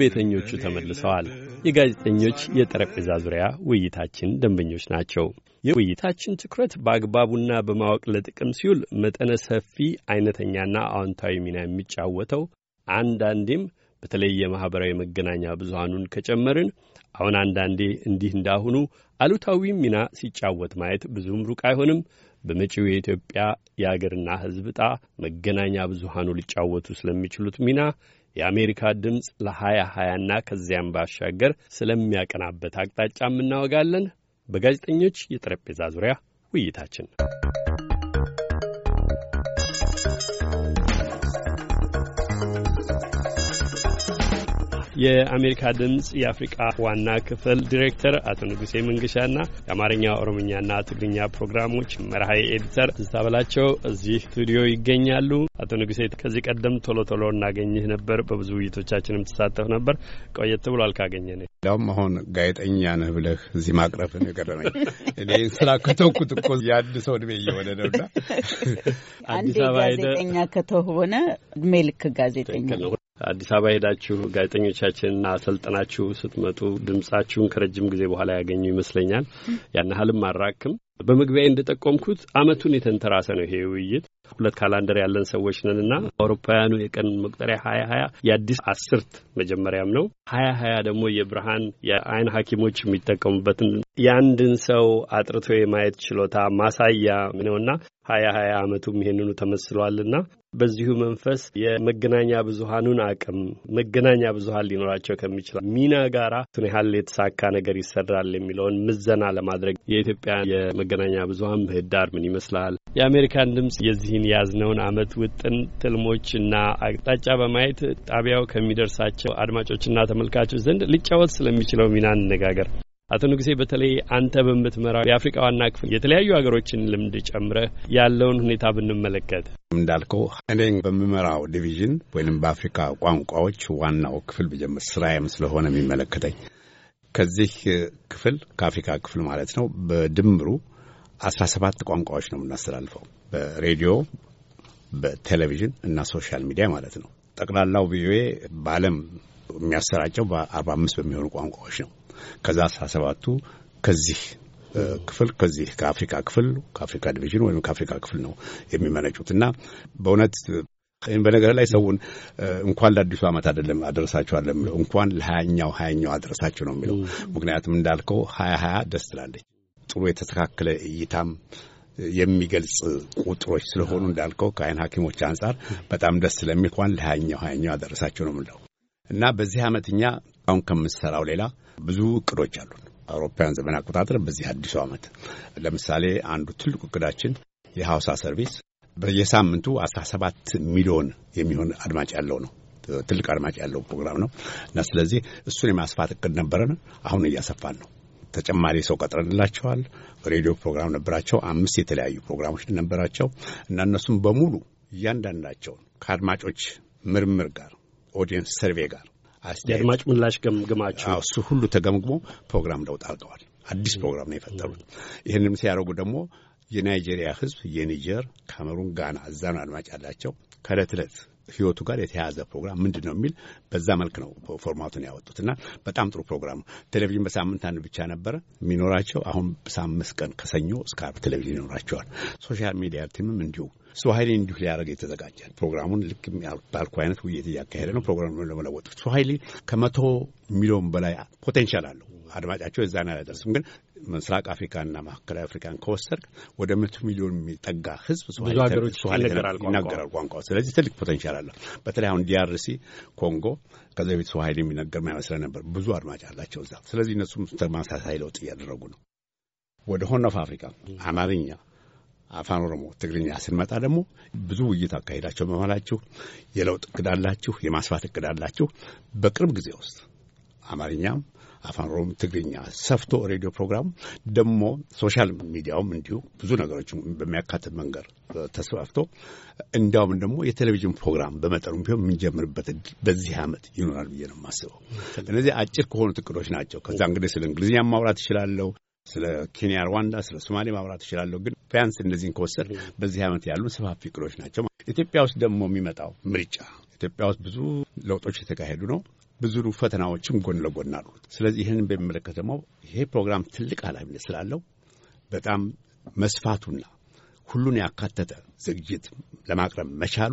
ቤተኞቹ ተመልሰዋል። የጋዜጠኞች የጠረጴዛ ዙሪያ ውይይታችን ደንበኞች ናቸው። የውይይታችን ትኩረት በአግባቡና በማወቅ ለጥቅም ሲውል መጠነ ሰፊ አይነተኛና አዎንታዊ ሚና የሚጫወተው አንዳንዴም በተለይ የማኅበራዊ መገናኛ ብዙሃኑን ከጨመርን አሁን አንዳንዴ እንዲህ እንዳሁኑ አሉታዊ ሚና ሲጫወት ማየት ብዙም ሩቅ አይሆንም። በመጪው የኢትዮጵያ የአገርና ሕዝብ ዕጣ መገናኛ ብዙሃኑ ሊጫወቱ ስለሚችሉት ሚና የአሜሪካ ድምፅ ለ2020ና ከዚያም ባሻገር ስለሚያቀናበት አቅጣጫም እናወጋለን። በጋዜጠኞች የጠረጴዛ ዙሪያ ውይይታችን የአሜሪካ ድምፅ የአፍሪቃ ዋና ክፍል ዲሬክተር አቶ ንጉሴ መንገሻና የአማርኛ ኦሮምኛና ትግርኛ ፕሮግራሞች መርሃይ ኤዲተር ትዝታ እዚህ ስቱዲዮ ይገኛሉ። አቶ ንጉሴ ከዚህ ቀደም ቶሎ ቶሎ እናገኝህ ነበር፣ በብዙ ውይይቶቻችንም ትሳተፍ ነበር። ቆየት ብሎ አልካገኘ ነ እንዲያውም አሁን ጋዜጠኛ ነህ ብለህ እዚህ ማቅረብህ ነው የገረመኝ። እኔ ስላከተኩት እኮ የአንድ ሰው እድሜ እየሆነ ነውና አንዴ ጋዜጠኛ ከተሆነ እድሜ ልክ ጋዜጠኛ አዲስ አበባ ሄዳችሁ ጋዜጠኞቻችንና አሰልጥናችሁ ስትመጡ ድምጻችሁን ከረጅም ጊዜ በኋላ ያገኙ ይመስለኛል። ያን ያህልም አራክም። በመግቢያ እንደጠቆምኩት አመቱን የተንተራሰ ነው ይሄ ውይይት። ሁለት ካላንደር ያለን ሰዎች ነን እና አውሮፓውያኑ የቀን መቁጠሪያ ሀያ ሀያ የአዲስ አስርት መጀመሪያም ነው። ሀያ ሀያ ደግሞ የብርሃን የአይን ሐኪሞች የሚጠቀሙበትን የአንድን ሰው አጥርቶ የማየት ችሎታ ማሳያ ነውና ሀያ ሀያ አመቱም ይሄንኑ ተመስሏልና በዚሁ መንፈስ የመገናኛ ብዙሀኑን አቅም መገናኛ ብዙሀን ሊኖራቸው ከሚችላል ሚና ጋራ ቱን ያህል የተሳካ ነገር ይሰራል የሚለውን ምዘና ለማድረግ የኢትዮጵያ የመገናኛ ብዙሀን ምህዳር ምን ይመስላል? የአሜሪካን ድምፅ የዚህን ያዝነውን አመት ውጥን እና አቅጣጫ በማየት ጣቢያው ከሚደርሳቸው አድማጮችና ተመልካቾች ዘንድ ሊጫወት ስለሚችለው ሚና እንነጋገር። አቶ ንጉሴ በተለይ አንተ በምትመራው የአፍሪቃ ዋና ክፍል የተለያዩ ሀገሮችን ልምድ ጨምረህ ያለውን ሁኔታ ብንመለከት እንዳልከው እኔ በምመራው ዲቪዥን ወይም በአፍሪካ ቋንቋዎች ዋናው ክፍል ብጀምር ስራዬም ስለሆነ የሚመለከተኝ ከዚህ ክፍል ከአፍሪካ ክፍል ማለት ነው። በድምሩ አስራ ሰባት ቋንቋዎች ነው የምናስተላልፈው በሬዲዮ በቴሌቪዥን እና ሶሻል ሚዲያ ማለት ነው። ጠቅላላው ቪኦኤ በአለም የሚያሰራጨው በአርባ አምስት በሚሆኑ ቋንቋዎች ነው። ከዛ አስራ ሰባቱ ከዚህ ክፍል ከዚህ ከአፍሪካ ክፍል ከአፍሪካ ዲቪዥን ወይም ከአፍሪካ ክፍል ነው የሚመነጩት እና በእውነት በነገር ላይ ሰውን እንኳን ለአዲሱ ዓመት አይደለም አደረሳችኋል የሚለው እንኳን ለሀያኛው ሀያኛው አደረሳቸው ነው የሚለው። ምክንያቱም እንዳልከው ሀያ ሀያ ደስ ትላለች። ጥሩ የተስተካከለ እይታም የሚገልጽ ቁጥሮች ስለሆኑ እንዳልከው ከአይን ሐኪሞች አንጻር በጣም ደስ ስለሚል እንኳን ለሀያኛው ሀያኛው አደረሳቸው ነው የሚለው እና በዚህ ዓመት እኛ አሁን ከምሰራው ሌላ ብዙ እቅዶች አሉን። አውሮፓውያን ዘመን አቆጣጠር በዚህ አዲሱ ዓመት ለምሳሌ አንዱ ትልቁ እቅዳችን የሐውሳ ሰርቪስ በየሳምንቱ 17 ሚሊዮን የሚሆን አድማጭ ያለው ነው። ትልቅ አድማጭ ያለው ፕሮግራም ነው እና ስለዚህ እሱን የማስፋት እቅድ ነበረን። አሁን እያሰፋን ነው። ተጨማሪ ሰው ቀጥረንላቸዋል። ሬዲዮ ፕሮግራም ነበራቸው። አምስት የተለያዩ ፕሮግራሞች ነበራቸው እና እነሱም በሙሉ እያንዳንዳቸውን ከአድማጮች ምርምር ጋር ኦዲየንስ ሰርቬ ጋር የአድማጭ ምላሽ ገምግማቸው እሱ ሁሉ ተገምግሞ ፕሮግራም ለውጥ አድርገዋል። አዲስ ፕሮግራም ነው የፈጠሩት። ይህንም ሲያደርጉ ደግሞ የናይጄሪያ ህዝብ የኒጀር፣ ካሜሩን፣ ጋና እዛ ነው አድማጭ ያላቸው ከእለት ዕለት ህይወቱ ጋር የተያያዘ ፕሮግራም ምንድን ነው የሚል በዛ መልክ ነው ፎርማቱን ያወጡት እና በጣም ጥሩ ፕሮግራም ነው። ቴሌቪዥን በሳምንት አንድ ብቻ ነበረ የሚኖራቸው። አሁን በአምስት ቀን ከሰኞ እስከ አርብ ቴሌቪዥን ይኖራቸዋል። ሶሻል ሚዲያ ቲምም እንዲሁ ሶሀይሌ እንዲሁ ሊያደርግ የተዘጋጀ ፕሮግራሙን ልክ ባልኩ አይነት ውይይት እያካሄደ ነው። ፕሮግራሙን ለመለወጥ ሶሀይሌ ከመቶ ሚሊዮን በላይ ፖቴንሻል አለው አድማጫቸው እዛን አያደርስም። ግን ምስራቅ አፍሪካና ማዕከላዊ አፍሪካን ከወሰድክ ወደ መቶ ሚሊዮን የሚጠጋ ህዝብ ይናገራል ቋንቋ። ስለዚህ ትልቅ ፖቴንሻል አለው። በተለይ አሁን ዲያርሲ ኮንጎ ከዚ በፊት ስዋሂሊ የሚነገር ማይመስለ ነበር። ብዙ አድማጭ አላቸው እዛ። ስለዚህ እነሱም ተመሳሳይ ለውጥ እያደረጉ ነው። ወደ ሆርን ኦፍ አፍሪካ አማርኛ አፋን ኦሮሞ፣ ትግርኛ ስንመጣ ደግሞ ብዙ ውይይት አካሄዳቸው በመላችሁ የለውጥ እቅድ አላችሁ፣ የማስፋት እቅድ አላችሁ። በቅርብ ጊዜ ውስጥ አማርኛም አፋን ኦሮሞ ትግርኛ ሰፍቶ ሬዲዮ ፕሮግራም ደግሞ ሶሻል ሚዲያውም እንዲሁ ብዙ ነገሮች በሚያካትት መንገድ ተስፋፍቶ እንዲያውም ደግሞ የቴሌቪዥን ፕሮግራም በመጠኑ ቢሆን የምንጀምርበት በዚህ ዓመት ይኖራል ብዬ ነው የማስበው። እነዚህ አጭር ከሆኑት እቅዶች ናቸው። ከዛ እንግዲህ ስለ እንግሊዝኛ ማውራት እችላለሁ። ስለ ኬንያ፣ ሩዋንዳ፣ ስለ ሶማሌ ማውራት እችላለሁ። ግን ቢያንስ እነዚህን ከወሰድ በዚህ ዓመት ያሉ ሰፋፊ እቅዶች ናቸው። ኢትዮጵያ ውስጥ ደግሞ የሚመጣው ምርጫ ኢትዮጵያ ውስጥ ብዙ ለውጦች የተካሄዱ ነው። ብዙ ፈተናዎችም ጎን ለጎን አሉት። ስለዚህ ይህንን በሚመለከት ደግሞ ይሄ ፕሮግራም ትልቅ ኃላፊነት ስላለው በጣም መስፋቱና ሁሉን ያካተተ ዝግጅት ለማቅረብ መቻሉ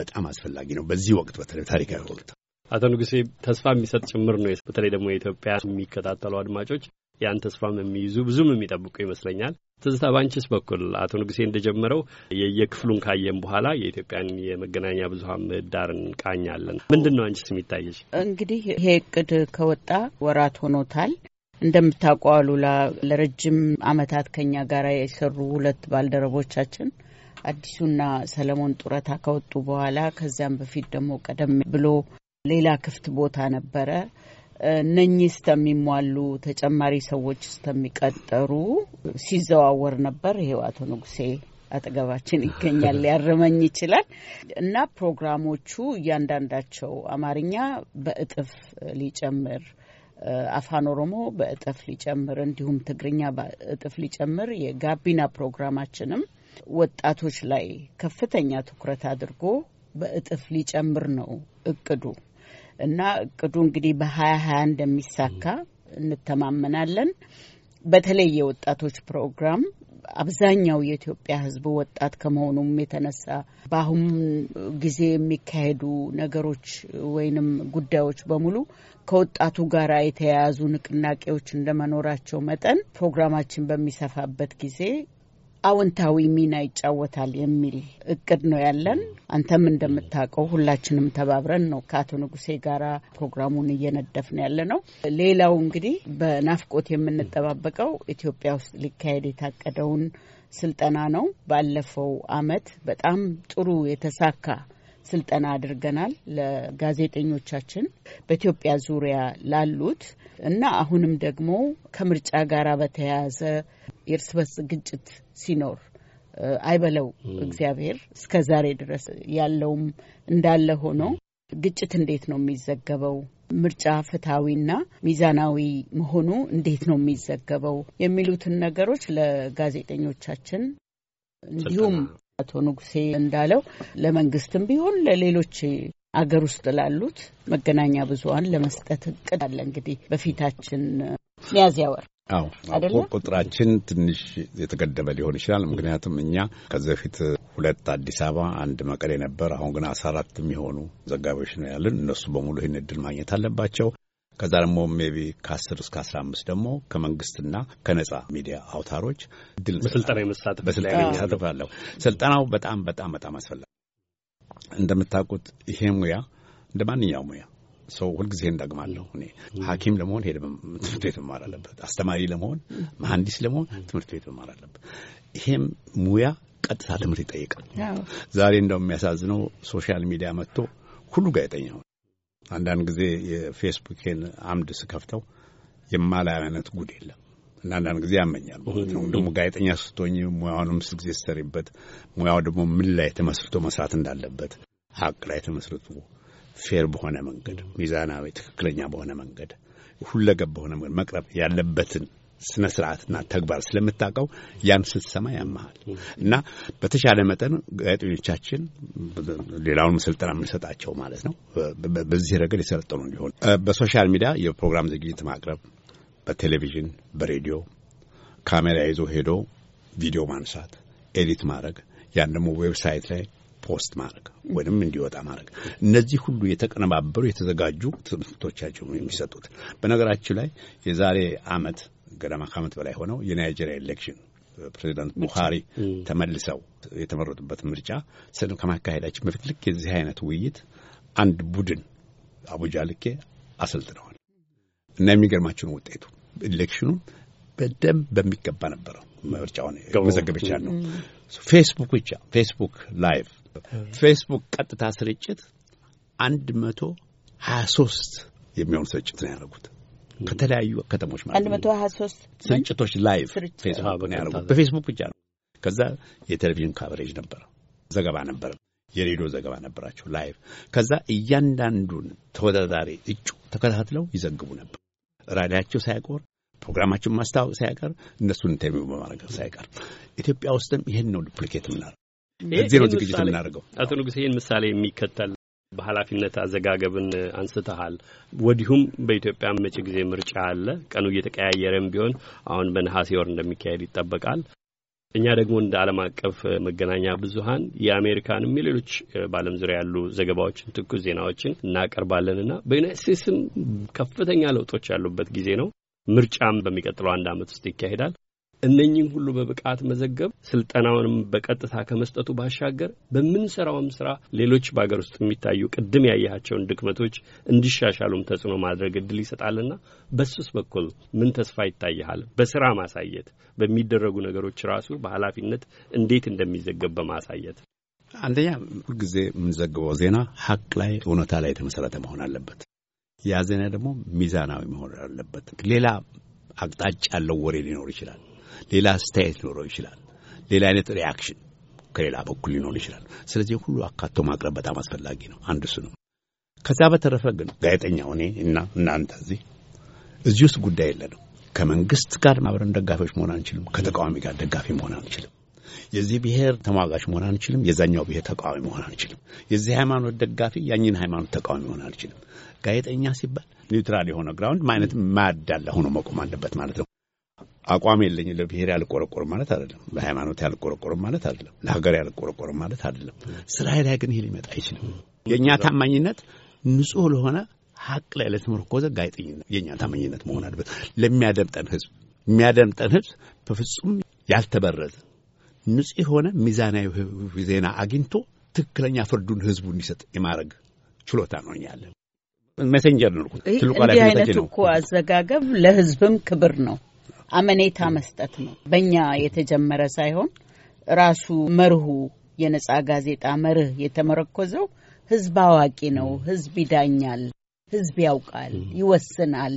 በጣም አስፈላጊ ነው። በዚህ ወቅት በተለይ ታሪካዊ ወቅት አቶ ንጉሴ ተስፋ የሚሰጥ ጭምር ነው። በተለይ ደግሞ የኢትዮጵያ የሚከታተሉ አድማጮች ያን ተስፋም የሚይዙ ብዙም የሚጠብቁ ይመስለኛል። ትዝታ ባንችስ በኩል አቶ ንጉሴ እንደጀመረው የየክፍሉን ካየን በኋላ የኢትዮጵያን የመገናኛ ብዙኃን ምህዳር እንቃኛለን። ምንድን ነው አንችስ የሚታየች? እንግዲህ ይሄ እቅድ ከወጣ ወራት ሆኖታል። እንደምታውቀው አሉላ ለረጅም አመታት ከኛ ጋር የሰሩ ሁለት ባልደረቦቻችን አዲሱና ሰለሞን ጡረታ ከወጡ በኋላ ከዚያም በፊት ደግሞ ቀደም ብሎ ሌላ ክፍት ቦታ ነበረ እነኚህ እስተሚሟሉ ተጨማሪ ሰዎች እስተሚቀጠሩ ሲዘዋወር ነበር። ይሄው አቶ ንጉሴ አጠገባችን ይገኛል፣ ሊያርመኝ ይችላል። እና ፕሮግራሞቹ እያንዳንዳቸው አማርኛ በእጥፍ ሊጨምር አፋን ኦሮሞ በእጥፍ ሊጨምር እንዲሁም ትግርኛ በእጥፍ ሊጨምር፣ የጋቢና ፕሮግራማችንም ወጣቶች ላይ ከፍተኛ ትኩረት አድርጎ በእጥፍ ሊጨምር ነው እቅዱ። እና እቅዱ እንግዲህ በሀያ ሀያ እንደሚሳካ እንተማመናለን። በተለይ የወጣቶች ፕሮግራም አብዛኛው የኢትዮጵያ ሕዝብ ወጣት ከመሆኑም የተነሳ በአሁኑ ጊዜ የሚካሄዱ ነገሮች ወይንም ጉዳዮች በሙሉ ከወጣቱ ጋር የተያያዙ ንቅናቄዎች እንደመኖራቸው መጠን ፕሮግራማችን በሚሰፋበት ጊዜ አዎንታዊ ሚና ይጫወታል የሚል እቅድ ነው ያለን። አንተም እንደምታውቀው ሁላችንም ተባብረን ነው ከአቶ ንጉሴ ጋራ ፕሮግራሙን እየነደፍን ያለ ነው። ሌላው እንግዲህ በናፍቆት የምንጠባበቀው ኢትዮጵያ ውስጥ ሊካሄድ የታቀደውን ስልጠና ነው። ባለፈው አመት በጣም ጥሩ የተሳካ ስልጠና አድርገናል ለጋዜጠኞቻችን በኢትዮጵያ ዙሪያ ላሉት እና አሁንም ደግሞ ከምርጫ ጋር በተያያዘ የእርስ በርስ ግጭት ሲኖር አይበለው እግዚአብሔር እስከ ዛሬ ድረስ ያለውም እንዳለ ሆኖ ግጭት እንዴት ነው የሚዘገበው? ምርጫ ፍትሐዊና ሚዛናዊ መሆኑ እንዴት ነው የሚዘገበው? የሚሉትን ነገሮች ለጋዜጠኞቻችን እንዲሁም አቶ ንጉሴ እንዳለው ለመንግስትም ቢሆን ለሌሎች አገር ውስጥ ላሉት መገናኛ ብዙሀን ለመስጠት እቅድ አለ። እንግዲህ በፊታችን ሚያዝያ ወር አዎ ቁጥራችን ትንሽ የተገደበ ሊሆን ይችላል። ምክንያቱም እኛ ከዚህ በፊት ሁለት አዲስ አበባ አንድ መቀሌ ነበር። አሁን ግን አስራ አራት የሚሆኑ ዘጋቢዎች ነው ያለን። እነሱ በሙሉ ይህን እድል ማግኘት አለባቸው። ከዛ ደግሞ ሜቢ ከአስር እስከ አስራ አምስት ደግሞ ከመንግስትና ከነጻ ሚዲያ አውታሮች ድል በስልጠና የመሳተፍ በስልጠና ይሳተፋለሁ። ስልጠናው በጣም በጣም በጣም አስፈላጊ እንደምታውቁት ይሄ ሙያ እንደ ማንኛው ሙያ ሰው ሁልጊዜ እንደግማለሁ። እኔ ሐኪም ለመሆን ሄደ ትምህርት ቤት መማር አለበት። አስተማሪ ለመሆን መሐንዲስ ለመሆን ትምህርት ቤት መማር አለበት። ይሄም ሙያ ቀጥታ ትምህርት ይጠይቃል። ዛሬ እንደው የሚያሳዝነው ሶሻል ሚዲያ መጥቶ ሁሉ ጋዜጠኛ አንዳንድ ጊዜ የፌስቡኬን አምድ ስከፍተው የማላየው አይነት ጉድ የለም እና አንዳንድ ጊዜ ያመኛል ማለት ነው። ደግሞ ጋዜጠኛ ስትሆኝ ሙያውንም ስል ጊዜ ስትሰሪበት ሙያው ደግሞ ምን ላይ ተመስርቶ መስራት እንዳለበት ሀቅ ላይ ተመስርቶ ፌር በሆነ መንገድ ሚዛናዊ፣ ትክክለኛ በሆነ መንገድ ሁለገብ በሆነ መንገድ መቅረብ ያለበትን ስነ ስርዓትና ተግባር ስለምታውቀው ያን ስትሰማ ያመሃል እና በተሻለ መጠን ጋዜጠኞቻችን ሌላውን ስልጠና የምንሰጣቸው ማለት ነው በዚህ ረገድ የሰለጠኑ እንዲሆን በሶሻል ሚዲያ የፕሮግራም ዝግጅት ማቅረብ፣ በቴሌቪዥን በሬዲዮ ካሜራ ይዞ ሄዶ ቪዲዮ ማንሳት፣ ኤዲት ማድረግ፣ ያን ደግሞ ዌብሳይት ላይ ፖስት ማድረግ ወይንም እንዲወጣ ማድረግ፣ እነዚህ ሁሉ የተቀነባበሩ የተዘጋጁ ትምህርቶቻቸው የሚሰጡት በነገራችን ላይ የዛሬ አመት ገዳማ ከዓመት በላይ ሆነው የናይጄሪያ ኤሌክሽን ፕሬዚዳንት ቡሃሪ ተመልሰው የተመረጡበት ምርጫ ስን ከማካሄዳችን በፊት ልክ የዚህ አይነት ውይይት አንድ ቡድን አቡጃ ልኬ አሰልጥነዋል እና የሚገርማችሁን ውጤቱ ኤሌክሽኑ በደንብ በሚገባ ነበረው። ምርጫውን መዘገበቻ ነው። ፌስቡክ ብቻ ፌስቡክ ላይቭ፣ ፌስቡክ ቀጥታ ስርጭት አንድ መቶ ሀያ ሶስት የሚሆኑ ስርጭት ነው ያደረጉት። ከተለያዩ ከተሞች ማለት ነው። መቶ ሶስት ስርጭቶች ላይቭ ፌስቡክ ነው ያደረጉት። በፌስቡክ ብቻ ነው። ከዛ የቴሌቪዥን ካቨሬጅ ነበር፣ ዘገባ ነበር፣ የሬዲዮ ዘገባ ነበራቸው ላይቭ። ከዛ እያንዳንዱን ተወዳዳሪ እጩ ተከታትለው ይዘግቡ ነበር። ራዲያቸው ሳይቆር ፕሮግራማቸውን ማስታወቅ ሳይቀር እነሱን ኢንተርቪው በማድረግ ሳይቀር ኢትዮጵያ ውስጥም ይህን ነው ዱፕሊኬት ምናል እዚህ ነው ዝግጅት የምናደርገው። አቶ ይህን ምሳሌ የሚከተል በኃላፊነት አዘጋገብን አንስተሃል። ወዲሁም በኢትዮጵያ መጪ ጊዜ ምርጫ አለ። ቀኑ እየተቀያየረም ቢሆን አሁን በነሐሴ ወር እንደሚካሄድ ይጠበቃል። እኛ ደግሞ እንደ ዓለም አቀፍ መገናኛ ብዙሃን የአሜሪካንም የሌሎች በዓለም ዙሪያ ያሉ ዘገባዎችን፣ ትኩስ ዜናዎችን እናቀርባለንና በዩናይት ስቴትስም ከፍተኛ ለውጦች ያሉበት ጊዜ ነው። ምርጫም በሚቀጥለው አንድ ዓመት ውስጥ ይካሄዳል። እነኚህን ሁሉ በብቃት መዘገብ ስልጠናውንም በቀጥታ ከመስጠቱ ባሻገር በምንሰራውም ስራ ሌሎች በሀገር ውስጥ የሚታዩ ቅድም ያያቸውን ድክመቶች እንዲሻሻሉም ተጽዕኖ ማድረግ እድል ይሰጣልና በሱስ በኩል ምን ተስፋ ይታይሃል? በስራ ማሳየት በሚደረጉ ነገሮች ራሱ በኃላፊነት እንዴት እንደሚዘገብ በማሳየት አንደኛ ሁልጊዜ የምንዘግበው ዜና ሀቅ ላይ እውነታ ላይ የተመሰረተ መሆን አለበት። ያ ዜና ደግሞ ሚዛናዊ መሆን አለበት። ሌላ አቅጣጫ ያለው ወሬ ሊኖር ይችላል። ሌላ አስተያየት ሊኖረው ይችላል። ሌላ አይነት ሪያክሽን ከሌላ በኩል ሊኖር ይችላል። ስለዚህ ሁሉ አካቶ ማቅረብ በጣም አስፈላጊ ነው። አንድ እሱ ነው። ከዛ በተረፈ ግን ጋዜጠኛው እኔ እና እናንተ እዚህ እዚህ ውስጥ ጉዳይ የለንም። ከመንግስት ጋር ማህበረን ደጋፊዎች መሆን አንችልም። ከተቃዋሚ ጋር ደጋፊ መሆን አንችልም። የዚህ ብሔር ተሟጋች መሆን አንችልም። የዛኛው ብሔር ተቃዋሚ መሆን አንችልም። የዚህ ሃይማኖት ደጋፊ ያኝን ሃይማኖት ተቃዋሚ መሆን አንችልም። ጋዜጠኛ ሲባል ኒውትራል የሆነ ግራውንድ ማይነት ማያዳላ ሆኖ መቆም አለበት ማለት ነው። አቋም የለኝ ለብሔር ያልቆረቆርም ማለት አይደለም። ለሃይማኖት ያልቆረቆርም ማለት አይደለም። ለሀገር ያልቆረቆርም ማለት አይደለም። ስራዬ ላይ ግን ይሄ ሊመጣ አይችልም። የእኛ ታማኝነት ንጹህ ለሆነ ሀቅ ላይ ለተመርኮዘ ጋዜጠኝነት የእኛ ታማኝነት መሆን አለበት። ለሚያደምጠን ህዝብ የሚያደምጠን ህዝብ በፍጹም ያልተበረዘ ንጹሕ የሆነ ሚዛናዊ ዜና አግኝቶ ትክክለኛ ፍርዱን ህዝቡ እንዲሰጥ የማድረግ ችሎታ ነው እኛለን። ሜሴንጀር ነው። ትልቁ ኃላፊነታችን ነው። እኮ አዘጋገብ ለህዝብም ክብር ነው። አመኔታ መስጠት ነው። በእኛ የተጀመረ ሳይሆን ራሱ መርሁ የነጻ ጋዜጣ መርህ የተመረኮዘው ህዝብ አዋቂ ነው፣ ህዝብ ይዳኛል፣ ህዝብ ያውቃል፣ ይወስናል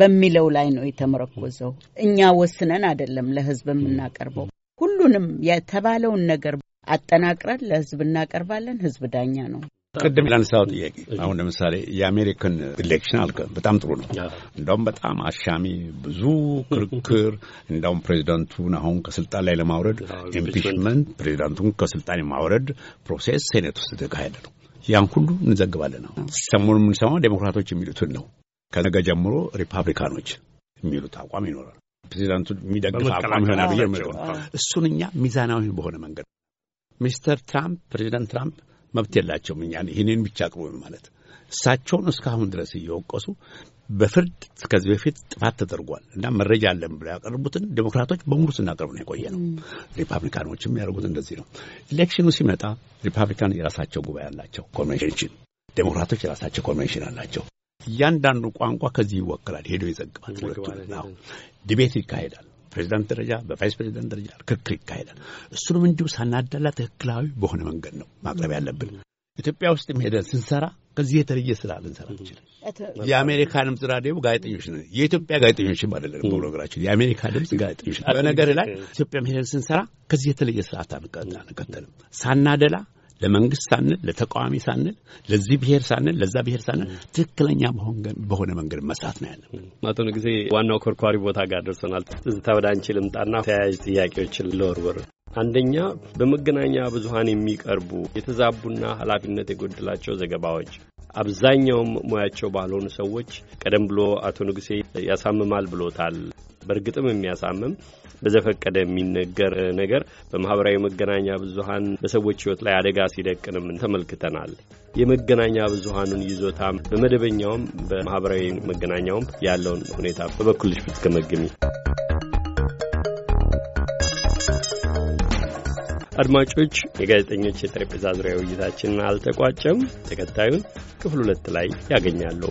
በሚለው ላይ ነው የተመረኮዘው። እኛ ወስነን አይደለም ለህዝብ የምናቀርበው። ሁሉንም የተባለውን ነገር አጠናቅረን ለህዝብ እናቀርባለን። ህዝብ ዳኛ ነው። ቅድም ላነሳው ጥያቄ አሁን ለምሳሌ የአሜሪካን ኢሌክሽን አልከ፣ በጣም ጥሩ ነው። እንደውም በጣም አሻሚ ብዙ ክርክር፣ እንደውም ፕሬዚዳንቱን አሁን ከስልጣን ላይ ለማውረድ ኢምፒችመንት፣ ፕሬዚዳንቱን ከስልጣን የማውረድ ፕሮሴስ ሴኔት ውስጥ የተካሄደ ነው። ያን ሁሉ እንዘግባለን። ሰሞኑን የምንሰማው ዴሞክራቶች የሚሉትን ነው። ከነገ ጀምሮ ሪፓብሊካኖች የሚሉት አቋም ይኖራል። ፕሬዚዳንቱ የሚደግፍ አቋም ይሆናል ብዬ እሱን እኛ ሚዛናዊ በሆነ መንገድ ሚስተር ትራምፕ ፕሬዚዳንት ትራምፕ መብት የላቸውም። እኛ ይህንን ብቻ አቅርቡ ማለት እሳቸውን እስካሁን ድረስ እየወቀሱ በፍርድ ከዚህ በፊት ጥፋት ተደርጓል እና መረጃ አለን ብለው ያቀርቡትን ዴሞክራቶች በሙሉ ስናቀርብ ነው የቆየ ነው። ሪፐብሊካኖችም ያደርጉት እንደዚህ ነው። ኢሌክሽኑ ሲመጣ ሪፐብሊካን የራሳቸው ጉባኤ አላቸው ኮንቬንሽን፣ ዴሞክራቶች የራሳቸው ኮንቬንሽን አላቸው። እያንዳንዱ ቋንቋ ከዚህ ይወክላል ሄዶ ይዘግባል። ሁለቱ ዲቤት ይካሄዳል። በፕሬዚዳንት ደረጃ በቫይስ ፕሬዚዳንት ደረጃ ክርክር ይካሄዳል። እሱንም እንዲሁ ሳናደላ ትክክላዊ በሆነ መንገድ ነው ማቅረብ ያለብን። ኢትዮጵያ ውስጥ ሄደን ስንሰራ ከዚህ የተለየ ስራ ልንሰራ እንችላል። የአሜሪካ ድምፅ ራዲዮ ጋዜጠኞች ነን፣ የኢትዮጵያ ጋዜጠኞች አይደለም። በነገራችን የአሜሪካ ድምፅ ጋዜጠኞች በነገር ላይ ኢትዮጵያ ሄደን ስንሰራ ከዚህ የተለየ ስርዓት አንቀጥልም። ሳናደላ ለመንግስት ሳንል ለተቃዋሚ ሳንል ለዚህ ብሔር ሳንል ለዛ ብሔር ሳንል ትክክለኛ በሆነ መንገድ መስራት ነው ያለን። አቶ ንጊዜ ዋናው ኮርኳሪ ቦታ ጋር ደርሰናል። ትዝታ ወደ አንቺ ልምጣና ተያያዥ ጥያቄዎችን ለወርወር አንደኛ በመገናኛ ብዙሀን የሚቀርቡ የተዛቡና ኃላፊነት የጎደላቸው ዘገባዎች አብዛኛውም ሙያቸው ባልሆኑ ሰዎች ቀደም ብሎ አቶ ንጉሴ ያሳምማል ብሎታል። በእርግጥም የሚያሳምም በዘፈቀደ የሚነገር ነገር በማህበራዊ መገናኛ ብዙሀን በሰዎች ህይወት ላይ አደጋ ሲደቅንም ተመልክተናል። የመገናኛ ብዙሀኑን ይዞታ በመደበኛውም በማህበራዊ መገናኛውም ያለውን ሁኔታ በበኩልሽ ብትገመግሚ። አድማጮች፣ የጋዜጠኞች የጠረጴዛ ዙሪያ ውይይታችንን አልተቋጨም። ተከታዩን ክፍል ሁለት ላይ ያገኛሉ።